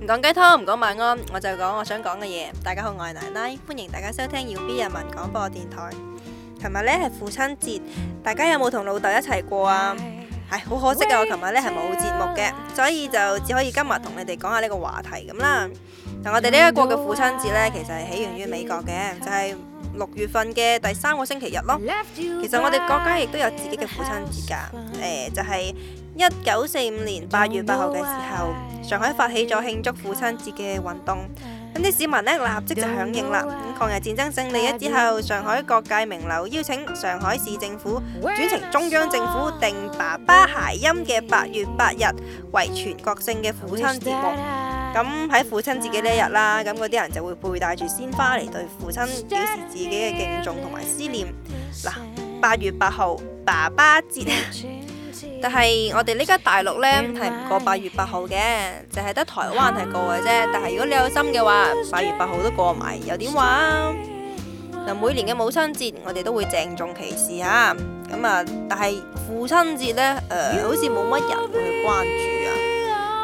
唔講雞湯，唔講晚安，我就講我想講嘅嘢。大家好，我係奶奶，歡迎大家收聽要 B 人民廣播電台。琴日呢係父親節，大家有冇同老豆一齊過啊？唉、哎，好可惜啊！喂我琴日呢係冇節目嘅，所以就只可以今日同你哋講下呢個話題咁啦。但、嗯、我哋呢一個嘅父親節呢，嗯、其實係起源於美國嘅，就係、是。六月份嘅第三個星期日咯，you 其實我哋國家亦都有自己嘅父親節㗎，誒、呃、就係一九四五年八月八號嘅時候，上海發起咗慶祝父親節嘅運動，咁啲市民呢立即就響應啦。咁抗日戰爭勝利之後，上海各界名流邀請上海市政府轉呈中央政府，定爸爸諧音嘅八月八日為全國性嘅父親節。咁喺父親節嘅呢一日啦，咁嗰啲人就會佩戴住鮮花嚟對父親表示自己嘅敬重同埋思念。嗱，八月八號爸爸節， 但係我哋呢家大陸呢，係唔過八月八號嘅，就係、是、得台灣係過嘅啫。但係如果你有心嘅話，八月八號都過埋，又點話。嗱，每年嘅母親節我哋都會鄭重其事嚇，咁啊，但係父親節呢，誒好似冇乜人會去關注啊。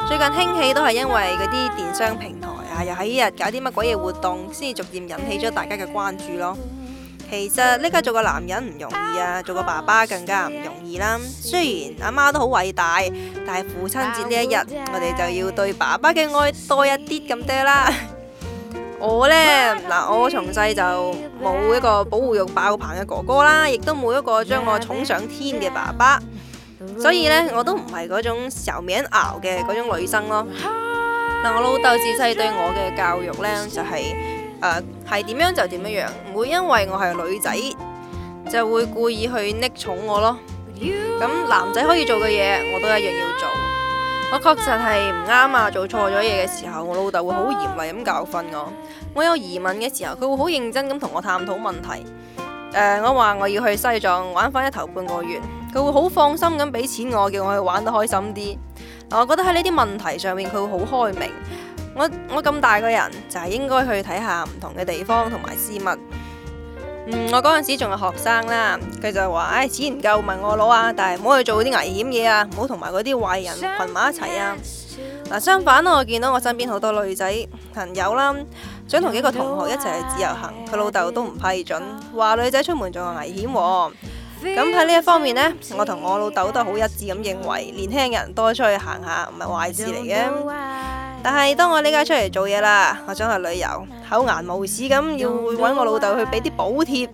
最近興起都係因為嗰啲電商平台啊，又喺呢日搞啲乜鬼嘢活動，先至逐漸引起咗大家嘅關注咯。其實呢家做個男人唔容易啊，做個爸爸更加唔容易啦，啊。雖然阿媽，媽都好偉大，但係父親節呢一日，我哋就要對爸爸嘅愛多一啲咁多啦。 我呢，嗱，我從細就冇一個保護欲爆棚嘅哥哥啦，亦都冇一個將我寵上天嘅爸爸。所以咧，我都唔係嗰種受命熬嘅嗰種女生咯。嗱，我老豆自細對我嘅教育呢，就係誒係點樣就點樣，唔會因為我係女仔就會故意去溺寵我咯。咁男仔可以做嘅嘢，我都一樣要做。我確實係唔啱啊，做錯咗嘢嘅時候，我老豆會好嚴厲咁教訓我。我有疑問嘅時候，佢會好認真咁同我探討問題。誒、呃，我話我要去西藏玩翻一頭半個月，佢會好放心咁俾錢我，叫我去玩得開心啲、呃。我覺得喺呢啲問題上面，佢會好開明。我我咁大個人，就係、是、應該去睇下唔同嘅地方同埋事物。嗯，我嗰陣時仲係學生啦，佢就話：唉、哎，錢唔夠問我攞啊，但係唔好去做啲危險嘢啊，唔好同埋嗰啲壞人群埋一齊啊。嗱，相反，我見到我身邊好多女仔朋友啦，想同幾個同學一齊去自由行，佢老豆都唔批准，話女仔出門仲有危險啊。咁喺呢一方面呢，我同我老豆都好一致咁認為，年輕人多出去行下唔係壞事嚟嘅。但係當我呢家出嚟做嘢啦，我想去旅遊，厚顏無恥咁要揾我老豆去俾啲補貼。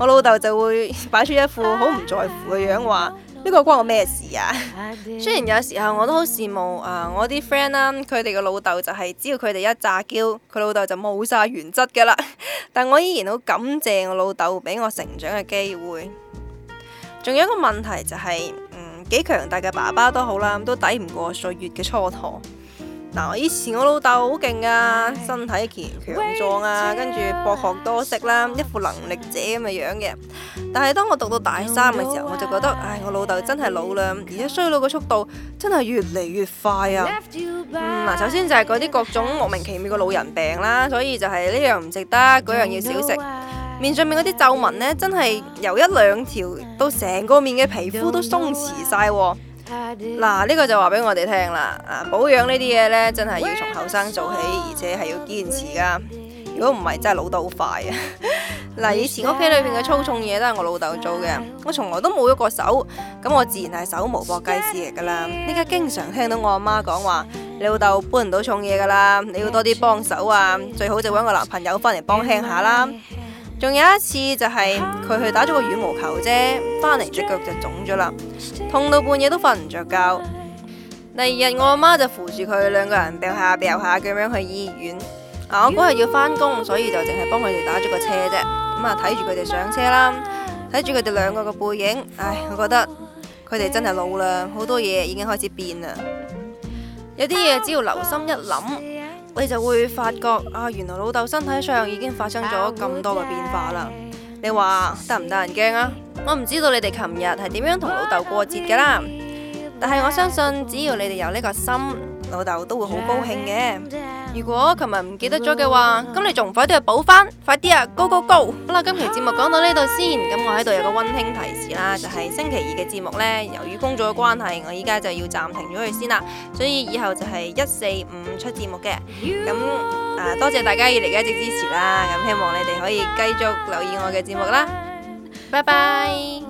我老豆就會擺出一副好唔在乎嘅樣，話呢個關我咩事啊？雖然有時候我都好羨慕啊，我啲 friend 啦，佢哋嘅老豆就係只要佢哋一詐嬌，佢老豆就冇晒原則㗎啦。但我依然好感謝我老豆俾我成長嘅機會。仲有一個問題就係，嗯，幾強大嘅爸爸都好啦，都抵唔過歲月嘅蹉跎。嗱，以前我老豆好勁啊，身體健強壯啊，跟住博學多識啦、啊，一副能力者咁嘅樣嘅。但係當我讀到大三嘅時候，我就覺得，唉，我老豆真係老啦，而且衰老嘅速度真係越嚟越快啊。嗱、嗯，首先就係嗰啲各種莫名其妙嘅老人病啦、啊，所以就係呢樣唔食得，嗰樣要少食。面上面嗰啲皺紋呢，真係由一兩條，到成個面嘅皮膚都鬆弛晒。嗱，呢個就話俾我哋聽啦，啊保養呢啲嘢呢，真係要從後生做起，而且係要堅持噶。如果唔係，真係老得好快啊。嗱，以前屋企裏邊嘅粗重嘢都係我老豆做嘅，我從來都冇喐過手，咁我自然係手無搏雞之力噶啦。依家經常聽到我阿媽講話，你老豆搬唔到重嘢噶啦，你要多啲幫手啊，最好就搵個男朋友返嚟幫輕下啦。仲有一次就係佢去打咗個羽毛球啫，返嚟隻腳就腫咗啦，痛到半夜都瞓唔着覺。第二日我阿媽就扶住佢兩個人，掉下掉下咁樣去醫院。啊，我嗰日要返工，所以就淨係幫佢哋打咗個車啫。咁啊，睇住佢哋上車啦，睇住佢哋兩個嘅背影，唉，我覺得佢哋真係老啦，好多嘢已經開始變啦。有啲嘢只要留心一諗，你就會發覺啊，原來老豆身體上已經發生咗咁多嘅變化啦。你話得唔得人驚啊？我唔知道你哋琴日係點樣同老豆過節噶啦，但係我相信只要你哋有呢個心。老豆都會好高興嘅。如果琴日唔記得咗嘅話，咁你仲快啲去補翻，快啲啊！Go go go！好啦，今期節目講到呢度先。咁我喺度有個溫馨提示啦，就係星期二嘅節目呢，由於工作嘅關係，我依家就要暫停咗佢先啦。所以以後就係一、四、五出節目嘅。咁啊，多謝大家以嚟嘅一直支持啦。咁希望你哋可以繼續留意我嘅節目啦。拜拜。